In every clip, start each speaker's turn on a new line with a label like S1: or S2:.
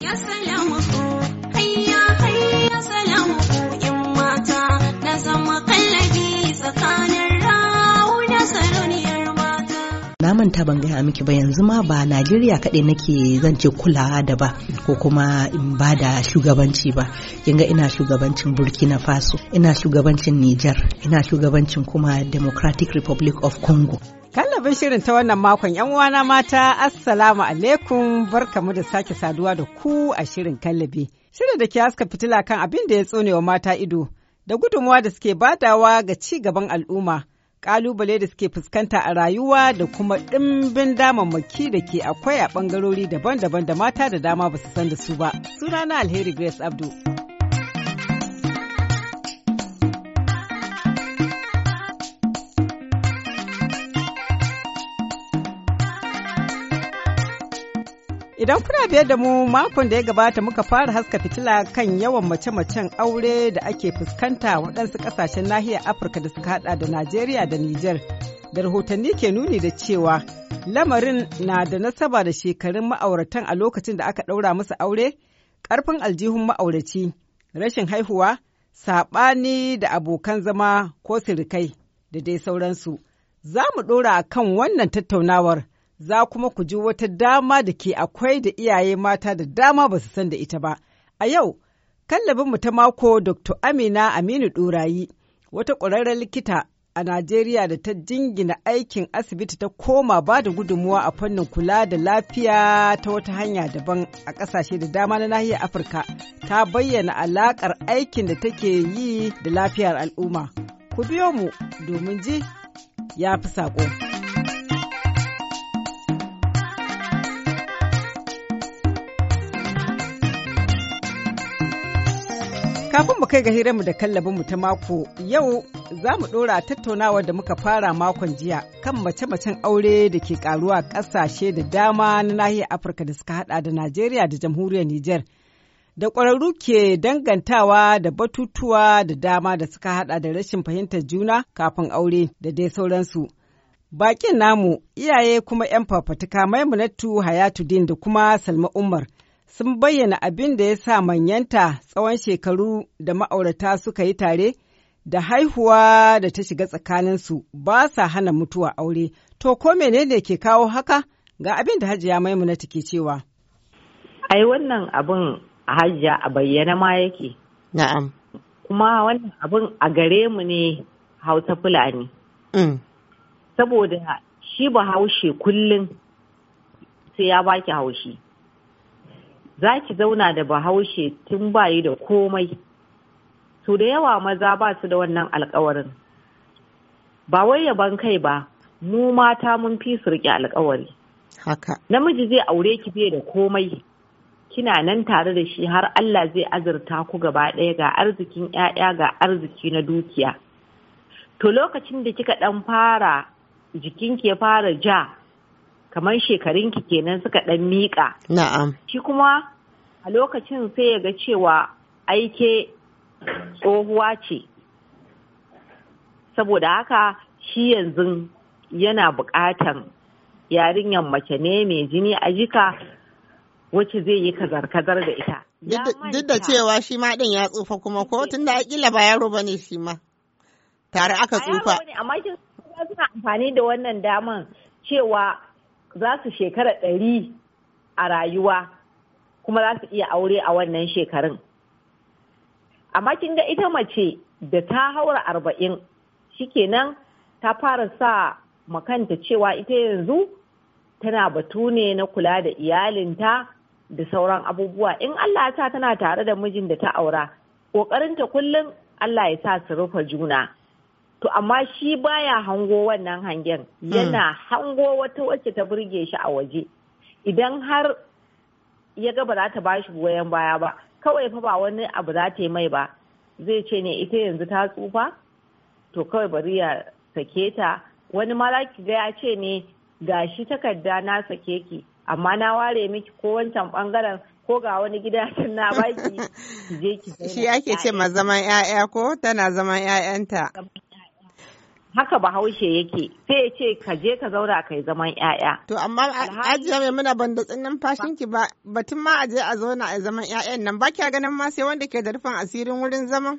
S1: na
S2: manta ban gaya miki ba yanzu ma ba Najeriya kaɗai nake zance kulawa da ba ko kuma in ba da shugabanci ba kinga ina shugabancin Burkina Faso ina shugabancin Niger ina shugabancin kuma Democratic Republic of Congo
S3: Kallabin shirin ta wannan makon ‘yan uwana mata, Assalamu alaikum, mu da sake saduwa da ku a shirin kallabi. Shirin da ke haska fitila kan abin da ya tsone wa mata ido, da gudunmuwa da suke badawa ga ci gaban al'umma, ƙalubale da suke fuskanta a rayuwa da kuma ɗimbin damammaki da ke akwai a ɓangarori daban-daban da mata da dama ba su san da su ba. Sunana Alheri Grace abdul Idan kuna biyar da mu makon da ya gabata muka fara haska fitila kan yawan mace-macen aure da ake fuskanta waɗansu ƙasashen nahiyar Afirka da suka haɗa da Najeriya da Nijar. Da rahotanni ke nuni da cewa lamarin na da nasaba da shekarun ma'auratan a lokacin da aka ɗaura musu aure, ƙarfin aljihun ma'auraci, rashin haihuwa, saɓani da abokan zama ko sirikai da dai sauransu. Za mu ɗora a kan wannan tattaunawar. za kuma ku ji wata dama da ke akwai da iyaye mata da dama ba su san da ita ba. A yau, mu ta mako Dr. Amina Aminu Ɗorayi, wata ƙwararren likita a Najeriya da ta jingina aikin asibiti ta koma ba da gudunmuwa a fannin kula da lafiya ta wata hanya daban a ƙasashe da dama na nahiyar Afirka ta bayyana alaƙar aikin da take yi da lafiyar al'umma. Ku biyo mu domin ji ya fi saƙo. Kafin mu kai ga mu da kallabin mu ta mako, yau za mu ɗora tattaunawa da muka fara makon jiya kan mace-macen aure da ke karuwa ƙasashe da dama na nahiyar Afirka da suka hada da Najeriya da jamhuriyar Nijar. Da ƙwararru ke dangantawa da batutuwa da dama da suka hada da rashin fahimtar juna kafin aure da dai sauransu. Bakin namu iyaye kuma 'yan fafatuka Maimunatu din da kuma Salma Umar. sun bayyana abin da ya sa manyanta tsawon shekaru da ma'aurata suka yi tare da haihuwa da ta shiga tsakaninsu ba sa hana mutuwa aure. To ko menene ke kawo haka ga abin da hajiya maimuna take cewa. Ai wannan abin hajiya a bayyana ma yake. Na'am. Kuma wannan abin
S4: a gare mu ne hausa fulani. Mm. Saboda shi ba bahaushe kullum sai ya baki haushi. za ki zauna da bahaushe tun bayi da komai su da yawa maza ba su da wannan alkawarin ba wai yaban kai ba mu mata mun fi su riƙe alkawari haka namiji zai aure ki bai da komai kina nan tare da shi har Allah zai azurta ku gaba ɗaya ga arzikin 'ya'ya ga arziki na dukiya to lokacin da kika ɗan fara jikinki ya fara ja kamar shekarun ki kenan suka dan miƙa. Na'am. Shi kuma a lokacin sai ya ga cewa aike tsohuwa ce. Saboda haka shi yanzu yana buƙatan yarinyar mace ne mai jini a jika wacce zai yi kazar-kazar da ita.
S5: Duk da cewa shi ma ɗin ya tsufa kuma ko tun da akila ba yaro ba ne shi ma. Tare aka tsufa.
S4: Amma
S6: suna
S4: amfani da wannan daman cewa za su shekara ɗari a rayuwa kuma za su iya aure a wannan shekarun amma kin ga ita mace da ta haura arba'in shi shikenan ta fara sa makanta cewa ita yanzu tana batu ne na kula da iyalinta da sauran abubuwa in Allah ta tana tare da mijin da ta aura ƙoƙarinta kullum Allah ya sa su rufe juna To amma shi baya hango wannan hangen hmm. yana hango wata wacce ta burge shi a waje. Idan har ya ga ba za ta bashi goyon baya ba, kawai fa ba wani abu za ta yi mai ba, zai ce ne ita yanzu ta tsufa, to kawai bari ya sake ta. Wani malaki ga ya ce ne ga shi takarda na sake ki, amma na ware miki ko wancan bangaren ko ga wani gida na baki ki je ki Shi ake ce ma zaman 'ya'ya ko tana zaman
S5: 'ya'yanta. haka bahaushe yake sai ya ce ka je ka zauna kai zaman yaya to amma ajiya mai muna ban da tsinnan fashin ki ba batun ma aje a zauna a zaman yayan nan ba kya ganin ma sai wanda ke da rufin asirin wurin zaman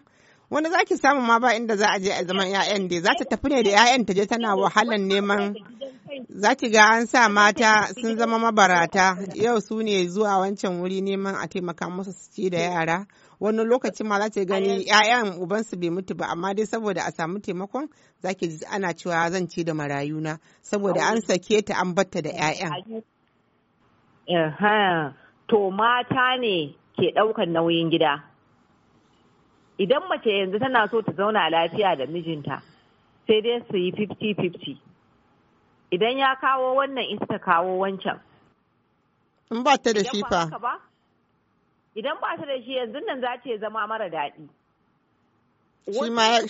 S5: wani zaki samu ma ba inda za a je a zaman yayan dai za ta tafi ne da yayan ta je tana wahalan neman za ki ga an sa mata sun zama mabarata yau su ne zuwa wancan wuri neman a taimaka musu su ci da yara wani lokacin ma za ta gani ƴaƴan ubansu bai mutu ba amma dai saboda a samu taimakon za ki ji ana cewa zan ci da marayuna saboda an sake
S4: ta an batta da ƴaƴan to mata ne ke ɗaukan nauyin gida idan mace yanzu tana so ta zauna lafiya da mijinta sai dai su yi 50-50 idan ya kawo wannan ita kawo wancan in ba ta da shi fa idan ba ta da shi yanzu nan za ta zama mara daɗi.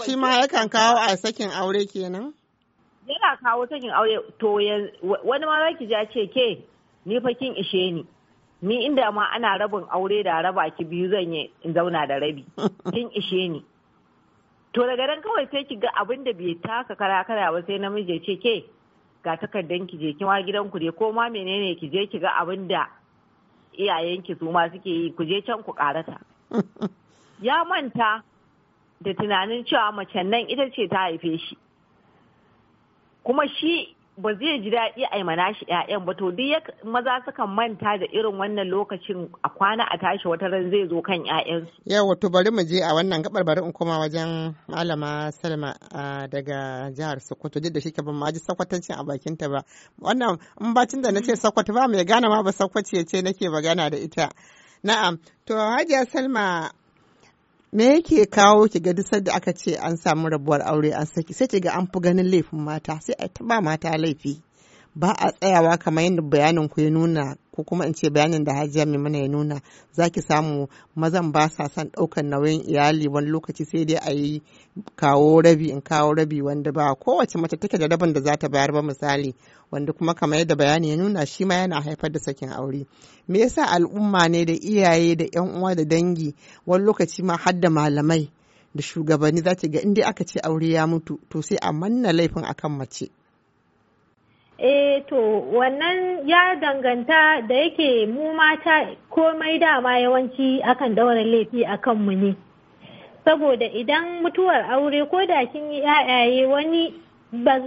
S4: Shi ma yakan kawo a sakin aure kenan? Yana kawo sakin aure to wani ma za ki ja ce ke ni fa kin ishe ni. Ni inda ma ana rabin aure da raba ki biyu zan yi in zauna da rabi. Kin ishe ni. To daga nan kawai sai ki ga abin da bai taka kara kara ba sai namiji ce ke ga takardan ki je kima gidan ku dai ko ma menene ki je ki ga abin da iyayenki su ma suke yi ku je can ku karata ya manta da tunanin cewa mace nan ita ce ta haife shi kuma shi ba zai ji daɗi a mana shi ƴaƴan ba to duk maza sukan manta da irin wannan lokacin a kwana a tashi wata ran zai zo kan ƴaƴansu.
S5: Yau, to bari mu je a wannan gabar bari in koma wajen Malama Salma daga jihar Sokoto duk da shi ban ma ji sakwatancin a bakin ta ba. Wannan in bacin da nace Sokoto ba mai gane ma ba Sokoto ce nake magana da ita. Na'am to Hajiya Salma me yake kawo ki ga duk da aka ce an samu rabuwar aure an saki sai ki ga an fi ganin laifin mata sai a ta ba mata laifi ba a tsayawa kamar yadda bayanin ku ya nuna ko kuma in ce bayanin da hajiya mai mana ya nuna za ki samu mazan ba sa son ɗaukar nauyin iyali wani lokaci sai dai a yi kawo rabi in kawo rabi wanda ba kowace mace take da rabin da za ta bayar ba misali wanda kuma kamar yadda bayanin ya nuna shi ma yana haifar da sakin aure me yasa al'umma ne da iyaye da yan uwa da dangi wani lokaci ma har da malamai da shugabanni za ki ga in dai aka ce aure ya mutu to sai a manna laifin akan mace
S6: e to wannan ya danganta da yake mu mata komai dama yawanci akan daura laifi a kanmu ne. Saboda idan mutuwar aure ko da kin yi yayaye wani ba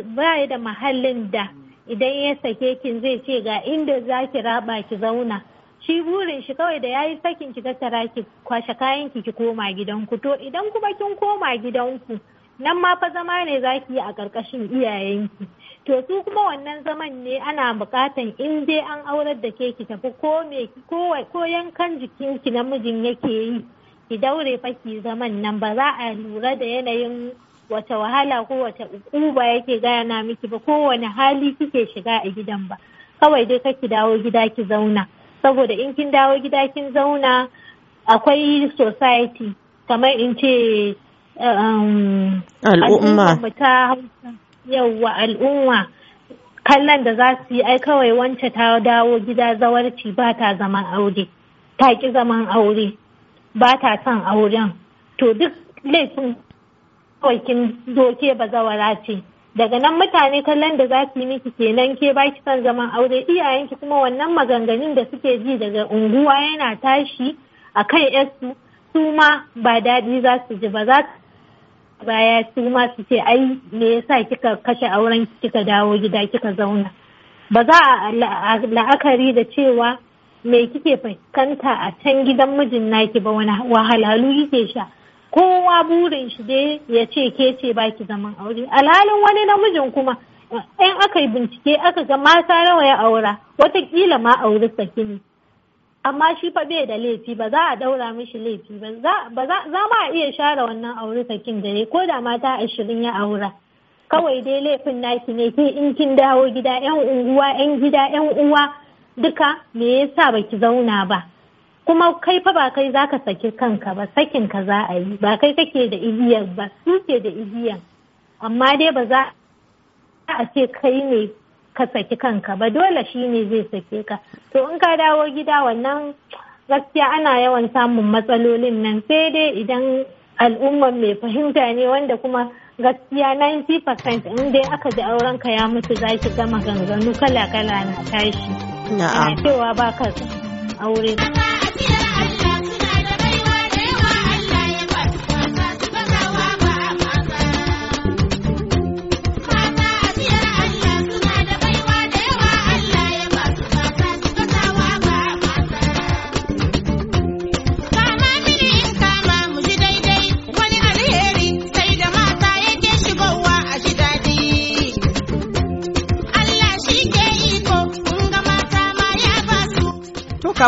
S6: da mahallin da idan ya sake kin zai ce ga inda za ki raba ki zauna. Shi burin shi kawai da ya yi sakin ki tattara ki kwashe kayan ki ki koma gidanku. To idan kuma kin koma gidanku nan ma fa zama ne za ki yi a ƙarƙashin iyayenki. to su kuma wannan zaman ne ana bukatan in dai an aurar da ke ki tafi ko me ko yankan jikin ki namijin yake yi ki daure fa ki zaman nan ba za a lura da yanayin wata wahala ko wata ukuba yake na miki ba ko wani hali kike shiga a gidan ba kawai dai kake dawo gida ki zauna saboda in kin dawo gida kin zauna akwai society kamar in ce um, al'umma ta yauwa al'umma kallon da za su yi ai kawai wance ta dawo gida zawarci ba ta zaman aure ta ki zaman aure ba ta son auren to duk laifin kawai doke ba zawara ce daga nan mutane kallon da za su yi miki kenan ke ba ki son zaman aure iyayenki kuma wannan maganganun da suke ji daga unguwa yana tashi a kan yarsu su ma ba daɗi za su ji ba za su baya su ma su ce ai me yasa kika kashe auren kika dawo gida kika zauna ba za a la'akari da cewa me kike fuskanta a can gidan mijin naki ba wani wahalhalu yake sha kowa burin shi dai ya ce ke ce baki zaman aure alhalin wani namijin kuma in aka yi bincike aka ga mata nawa ya aura watakila ma auri saki ne amma shi fa bai da laifi ba za a daura mishi laifi ba za ma a iya share wannan aure sakin da ne ko da mata ashirin ya aura kawai dai laifin naki ne ke in kin dawo gida yan unguwa yan gida yan uwa duka me yasa baki zauna ba kuma kai fa ba kai zaka saki kanka ba sakin ka za a yi ba kai kake da igiyar ba su ke da igiyar amma dai ba za a ce kai ne ka saki kanka ba dole shi ne zai sake ka to in ka dawo gida wannan gaskiya ana yawan samun matsalolin nan sai dai idan al'ummar mai fahimta ne wanda kuma gaskiya 90% in dai aka ji auren ka ya mutu za ki gama ganganu kala-kala na tashi. Na'am. cewa ba ka aure.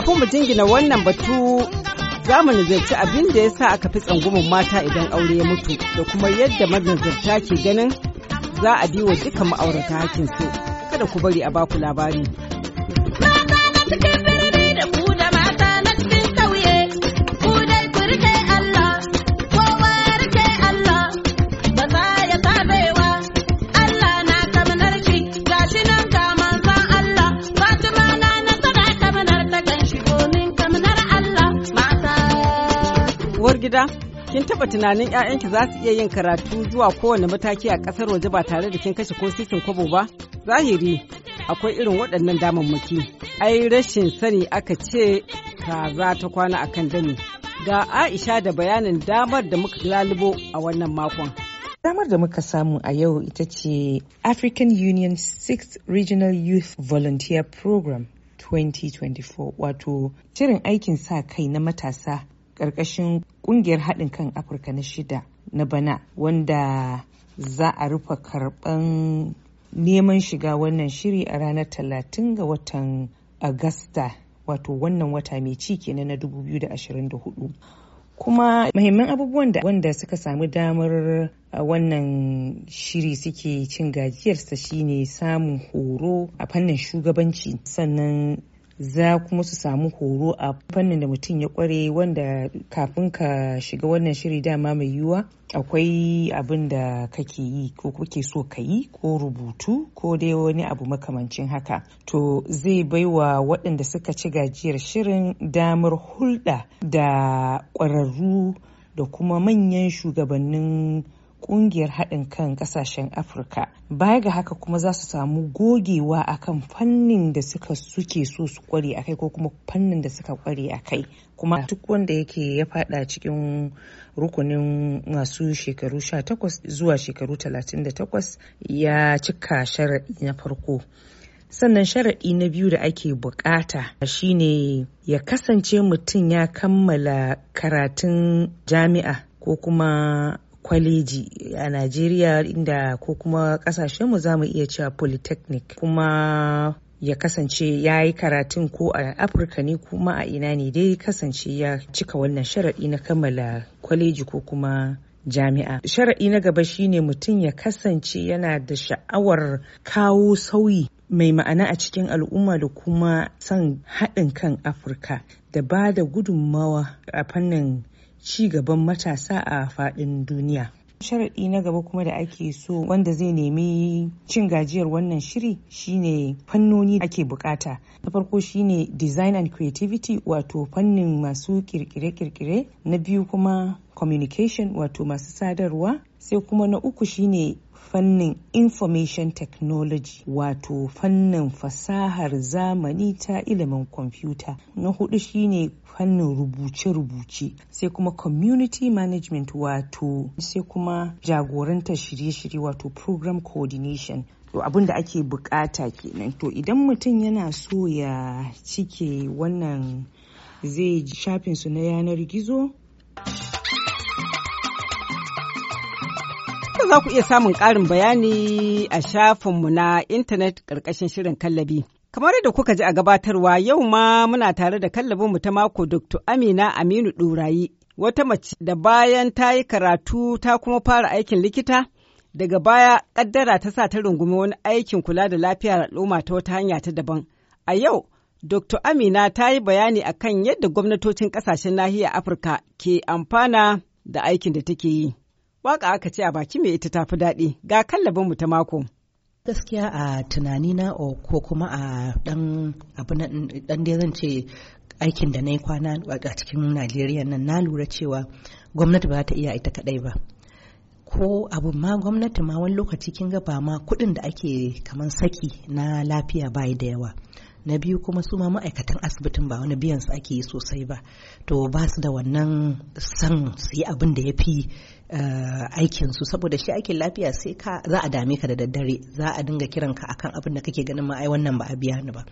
S3: Kafin mu jingina wannan batu zamu nazarci abin da ya sa aka fi tsangumin mata idan aure ya mutu da kuma yadda manazarta ke ganin za a bi wa duka ma'aurata su Kada ku bari a baku labari. Kin taɓa tunanin ƴaƴanki za su iya yin karatu zuwa kowane mataki a ƙasar waje ba tare da kin kashe ko sisin kwabo ba? Zahiri akwai irin waɗannan damammaki. Ai rashin sani aka ce kaza ta kwana a kan dani. Ga Aisha da bayanin damar da muka lalubo a wannan makon.
S1: damar da muka samu a yau ita ce African Union 6th Regional Youth Volunteer Program 2024 wato shirin aikin sa kai na matasa ƙarƙashin ƙungiyar haɗin kan afirka na shida na bana wanda za a rufe karɓan neman shiga wannan shiri a ranar talatin ga watan agasta wato wannan wata mai ci kenan na 2024 kuma mahimman abubuwan da wanda suka samu damar wannan shiri suke cin gajiyarsa shine samun horo a fannin shugabanci sannan za kuma su samu horo a fannin da mutum ya kware wanda kafin ka shiga wannan shiri dama mai yiwuwa akwai abin da kake yi ko kuke so ka yi ko rubutu ko dai wani abu makamancin haka to zai baiwa waɗanda suka ci gajiyar shirin damar hulɗa da ƙwararru da kuma manyan shugabannin kungiyar haɗin kan ƙasashen afirka baya ga haka kuma za su samu gogewa a kan fannin da suka suke so su kware a kai ko kuma fannin da suka kware a kai kuma duk wanda yake ya fada cikin rukunin masu shekaru 18 zuwa shekaru 38 ya cika sharaɗi na farko sannan sharaɗi na biyu da ake bukata shine ya kasance mutum ya kammala karatun jami'a ko kuma kwaleji a Najeriya inda ko kuma mu za mu iya cewa polytechnic kuma ya kasance ya yi karatun ko a afirka ne kuma a ina ne dai kasance ya cika wannan sharaɗi na kammala kwaleji ko kuma jami'a. Sharaɗi na gaba shine mutum ya kasance yana da sha'awar kawo sauyi mai ma'ana a cikin al'umma da kuma son haɗin kan Afirka da ba da gudunmawa a fannin ci gaban matasa a faɗin duniya. sharaɗi na gaba kuma da ake so wanda zai nemi cin gajiyar wannan shiri shine fannoni da ake bukata na farko shine design and creativity wato fannin masu kirkire-kirkire na biyu kuma communication wato masu sadarwa sai kuma na uku shine fannin information technology wato fannin fasahar zamani ta ilimin kwamfuta na hudu shine fannin rubuce-rubuce sai kuma community management wato sai kuma jagorantar shirye-shirye wato program coordination to abin da ake bukata kenan to idan mutum yana so ya cike wannan zai shafin su na yanar gizo
S3: Haka za ku iya samun ƙarin bayani a shafinmu na intanet ƙarƙashin shirin kallabi. Kamar da kuka ji a gabatarwa yau ma muna tare da kallabinmu ta mako Dr. Amina Aminu Ɗurayi, wata mace da bayan ta yi karatu ta kuma fara aikin likita, daga baya ƙaddara ta sa ta rungumi wani aikin kula da lafiyar al'umma ta wata hanya ta daban. A yau, Dr. Amina ta yi bayani akan yadda gwamnatocin ƙasashen nahiyar Afirka ke amfana da aikin da take yi. waka aka ce a baki mai ita tafi daɗi ga kallabin mu ta mako. Gaskiya a tunani na ko kuma
S2: a ɗan abu na ɗan da zan ce aikin da na yi kwana a cikin Najeriya nan na lura cewa gwamnati ba ta iya ita kaɗai ba. ko abu ma gwamnati ma wani lokaci kin ga ba ma kuɗin da ake kaman saki na lafiya ba da yawa na biyu kuma su ma ma'aikatan asibitin ba wani biyan su ake yi sosai ba to ba su da wannan san su yi abin da ya fi Eh, aikin su saboda shi aikin lafiya sai ka za a dame ka da daddare za a dinga kiran ka akan abin da kake ganin ma ai wannan ba a biya ni ba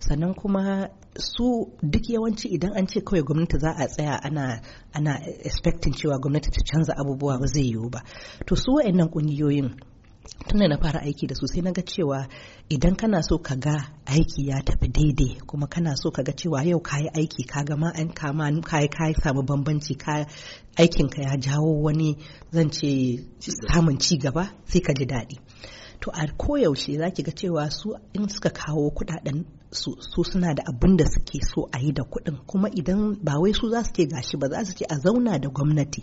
S2: sannan kuma su duk yawanci idan an ce kawai gwamnati za a tsaya ana ana expecting cewa gwamnati ta canza abubuwa ba zai yiwu ba to su wa'annan kungiyoyin tun da na fara aiki da su sai na ga cewa idan kana so ka ga aiki ya tafi daidai kuma kana so ka ga cewa yau ka yi aiki ka ga ma kama ka ka samu bambanci ka aikin ka ya jawo wani zan ce samun ci gaba sai ka ji daɗi to a koyaushe za ki ga cewa su in suka kawo kuɗaɗen su su suna da abin da suke so a yi da kuɗin kuma idan ba wai su za su ce gashi ba za su ce a zauna da gwamnati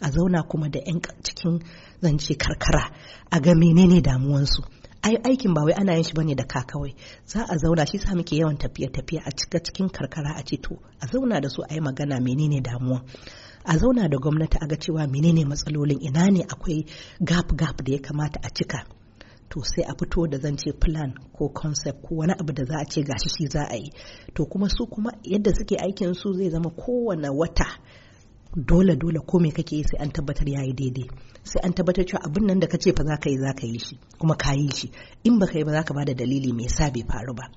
S2: a zauna kuma da 'yan cikin zance karkara a ga menene damuwansu ai aikin ba wai ana yin shi bane da ka kawai za a zauna shi sa muke yawan tafiye tafiye a cika cikin karkara a ce to a zauna da su a yi magana menene damuwa a zauna da gwamnati a ga cewa menene matsalolin ina ne akwai gap gap da ya kamata a cika to sai a fito da zance plan ko concept ko wani abu da za a ce gashi shi za a yi to kuma su kuma yadda suke aikin su zai zama kowane wata dole dole ko me kake yi sai an tabbatar yayi daidai sai an tabbatar cewa abin nan da kace fa za ka yi zaka yi shi kuma ka yi shi in ba ka yi ba zaka bada dalili me sa bai faru ba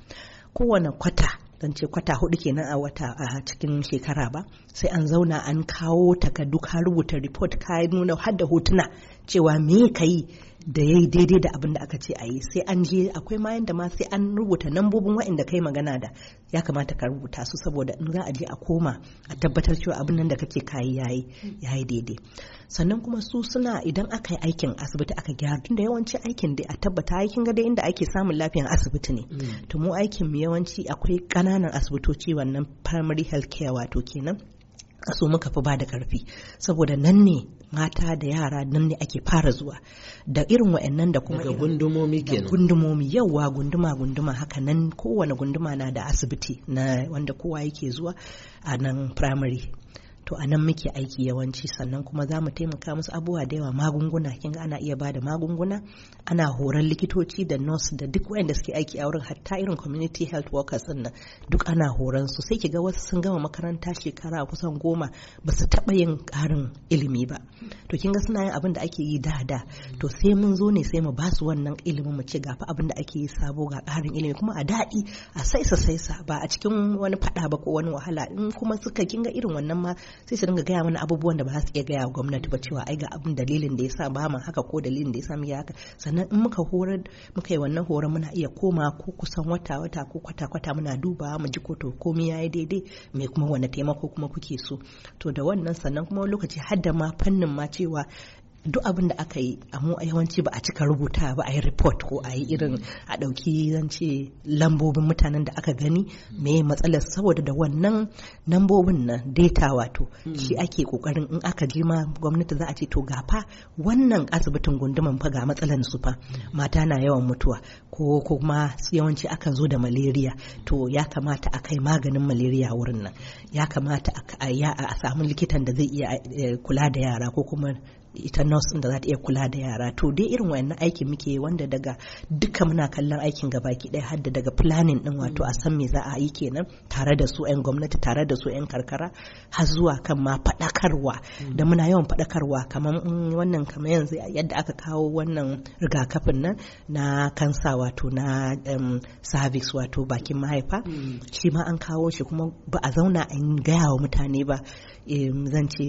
S2: kowane kwata zan ce kwata hudu kenan a wata a cikin shekara ba sai an zauna an kawo takardu ka rubuta report ka nuna har da hotuna cewa me ka yi da ya daidai da abin da aka ce a yi sai an je akwai mayan da ma sai an rubuta nambobin waɗanda kai magana da ya kamata ka rubuta su saboda in za a je a koma a tabbatar cewa abin nan da kake kayi yayi yayi daidai sannan kuma su suna idan aka yi aikin asibiti aka gyara tunda yawanci aikin da a tabbata aikin ga inda ake samun lafiyan asibiti ne mm. to mu aikin mu yawanci akwai kananan asibitoci wannan primary health care wato kenan ka so muka fi ba da karfi saboda nan ne mata da yara nan ne ake fara zuwa da irin wa'annan da kuma gundumomi kenan gundumomi yawa gunduma gunduma haka nan kowane gunduma na da asibiti na wanda kowa yake zuwa a nan primary to a nan muke aiki yawanci sannan kuma za mu taimaka musu abubuwa da yawa magunguna kin ana iya ba da magunguna ana horar likitoci da nurse da duk wayanda suke aiki a wurin hatta irin community health workers din nan duk ana horan su sai kiga wasu sun gama makaranta shekara kusan goma ba su taba yin karin ilimi ba to kin ga suna yin abin da ake yi da da to sai mun zo ne sai mu ba su wannan ilimin mu ce ga fa abin da ake yi sabo ga karin ilimi kuma a daɗi a saisa saisa ba a cikin wani fada ba ko wani wahala in kuma suka kinga irin wannan ma sai su dinga gaya mana abubuwan da ba za su iya gaya wa gwamnati ba cewa ai ga abin dalilin da ya sa ba mu haka ko dalilin da yasa mu haka sannan in muka horar muka yi wannan horon muna iya koma ko kusan wata wata ko kwata kwata muna dubawa mu ji ko to komai yayi daidai me kuma wani taimako kuma kuke so to da wannan sannan kuma lokaci har da ma fannin ma cewa duk abin da aka yi a a yawanci ba a cika rubuta ba a yi report ko a yi irin a ɗauki zance lambobin mutanen da aka gani me matsalar saboda da wannan lambobin na data wato shi hmm. ake kokarin in aka je ma gwamnati za a ce to gafa wannan asibitin gunduman fa ga matsalar su fa mata na yawan mutuwa ko kuma yawanci akan zo da malaria to ya kamata a kai maganin malaria wurin nan ya kamata a samu likitan da zai iya eh, kula da yara ko kuma ita nurse da za ta iya kula da yara to dai irin wannan aikin muke wanda daga duka muna kallon aikin gabaki daya har daga planning din wato a san me za a yi kenan tare da su 'yan gwamnati tare da su 'yan karkara har zuwa kan ma faɗakarwa mm. da muna yawan faɗakarwa kamar mm, wannan kamar yanzu yadda aka kawo wannan rigakafin nan na kansa wato na cervix wato bakin mahaifa mm. shi ma an kawo shi kuma ba a zauna an gaya wa mutane ba zan ce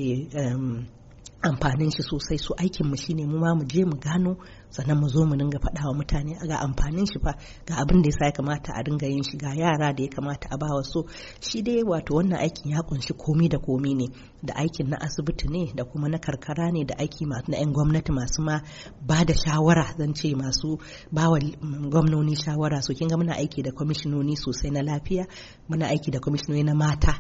S2: amfanin shi sosai su aikin mu shine mu ma mu je mu gano sannan mu zo mu dinga faɗa wa mutane ga amfanin shi fa ga abin da yasa ya kamata a dinga yin shi ga yara da ya kamata a bawa so shi dai wato wannan aikin ya kunshi komi da komi ne da aikin na asibiti ne da kuma na karkara ne da aiki na yan gwamnati masu ma ba da shawara zan ce masu bawa gwamnoni shawara so kin ga muna aiki da kwamishinoni sosai na lafiya muna aiki da kwamishinoni na mata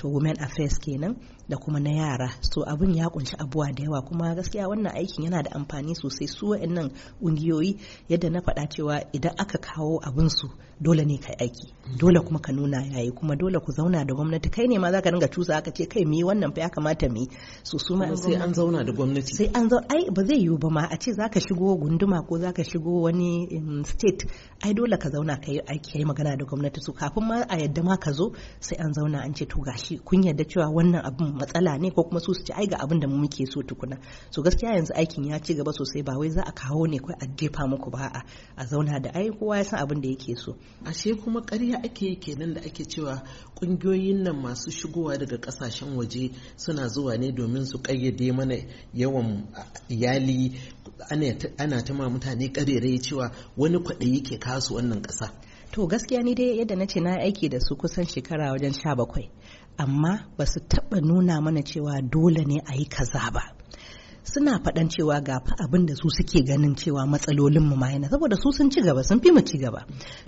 S2: to women affairs kenan da kuma na yara so abin ya kunshi abuwa da yawa kuma gaskiya wannan aikin yana da amfani sosai su nan ƙungiyoyi yadda na faɗa cewa idan aka kawo abin su dole ne kai aiki dole kuma ka nuna yayi kuma dole ku zauna da gwamnati kai ne ma za ka dinga cusa aka ce kai me wannan fa ya kamata me so su ma sai an zauna da gwamnati sai an zauna ai ba zai yiwu ba ma a ce za ka shigo gunduma ko za ka shigo wani um, state ai dole ka zauna kai aiki kai magana da gwamnati su kafin ma a yadda ma ka zo sai an zauna an ce to gashi kun yarda cewa wannan abin matsala ne ko kuma su su ci ai ga abin da muke so tukuna so gaskiya yanzu aikin ya ci gaba sosai ba wai za a kawo ne kai a jefa muku ba a a zauna da ai kowa ya san abin da yake so ashe kuma ƙarya ake yi kenan da ake cewa ƙungiyoyin nan masu shigowa daga kasashen waje suna zuwa ne domin su kayyade mana yawan iyali ana ta ma mutane ƙarerai cewa wani kwaɗayi yake kasu wannan ƙasa to gaskiya ni dai yadda na ce na aiki da su kusan shekara wajen sha bakwai amma ba su taɓa nuna mana cewa dole ne a yi kaza ba suna faɗan cewa ga abin da su suke ganin cewa matsalolin mu mayana saboda su sun ci gaba sun fi mu ci gaba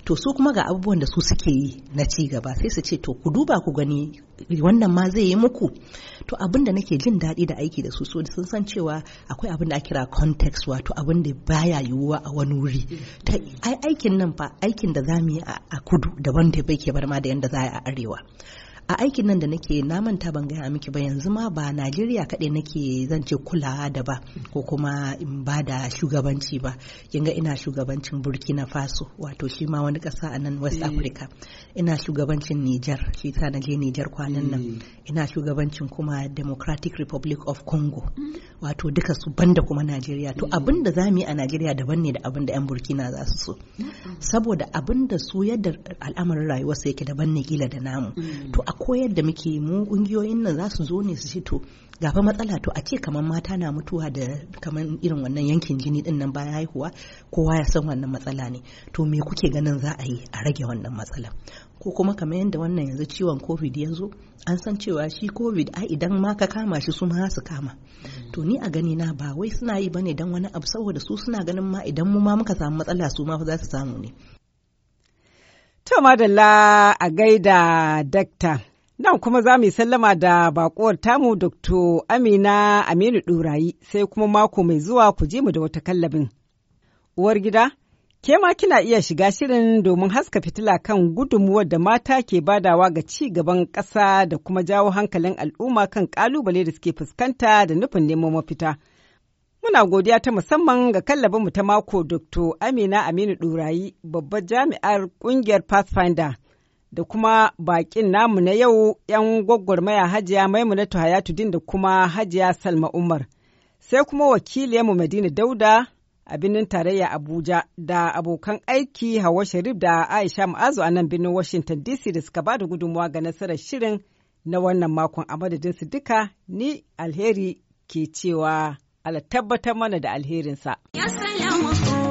S2: to su kuma ga abubuwan da su suke yi na ci gaba sai su ce to ku duba ku gani wannan ma zai yi muku to abin da nake jin daɗi da aiki da su so sun san cewa akwai abin da kira context wato abin da baya yiwuwa a wani wuri ta ai aikin nan fa aikin da zamu yi a kudu daban da bai ke bar ma da yanda za a arewa a aikin nan da nake na manta ban gaya miki ba yanzu ma ba Najeriya kaɗai nake zan ce kulawa da ba ko kuma in ba da shugabanci ba kinga ina shugabancin Burkina Faso wato shi ma wani ƙasa a nan West eh. Africa ina shugabancin Niger shi ta na je Niger kwanan nan eh. ina shugabancin kuma Democratic Republic of Congo mm. wato duka su banda kuma Najeriya to mm. abin da za mu yi a Najeriya daban ne da abin da 'yan Burkina za su so saboda abin da su yadda al'amarin rayuwarsu yake daban ne kila da namu mm. to koyar da muke mu kungiyoyin nan za su zo ne su to gafa matsala to a ce kamar mata na mutuwa da kamar irin wannan yankin jini din nan bayan haihuwa kowa ya san wannan matsala ne to me kuke ganin za a yi a rage wannan matsala ko kuma kamar yadda wannan yanzu ciwon covid ya zo an san cewa shi covid a idan ma ka kama shi su ma su kama to ni a gani na ba wai suna yi bane dan wani abu
S3: saboda su suna ganin ma idan mu ma muka samu matsala su ma za su samu ne To madalla a gaida dakta. Nan kuma za mu yi sallama da baƙuwar tamu Dr. Amina Aminu Ɗurayi sai kuma mako mai zuwa ku je mu da wata kallabin. Uwar gida, ke ma kina iya shiga shirin domin haska fitila kan gudunmuwar da mata ke badawa ga ci gaban ƙasa da kuma jawo hankalin al'umma kan ƙalubale da suke fuskanta da nufin neman mafita. Muna godiya ta musamman ga kallabinmu ta mako Dr. Amina Aminu Ɗurayi, babbar jami'ar ƙungiyar Pathfinder, da kuma baƙin namu na yau 'yan gwaggwarmaya Hajiya Maimunatu din da kuma Hajiya Salma Umar. Sai kuma wakiliyarmu Madina Dauda a birnin tarayya Abuja da abokan aiki Hawa Sharif da Aisha Ma'azu a nan birnin Washington DC da suka ba da gudunmawa ga nasarar shirin na wannan makon a su duka ni alheri ke cewa. ala tabbatar mana da alherinsa.
S6: Ya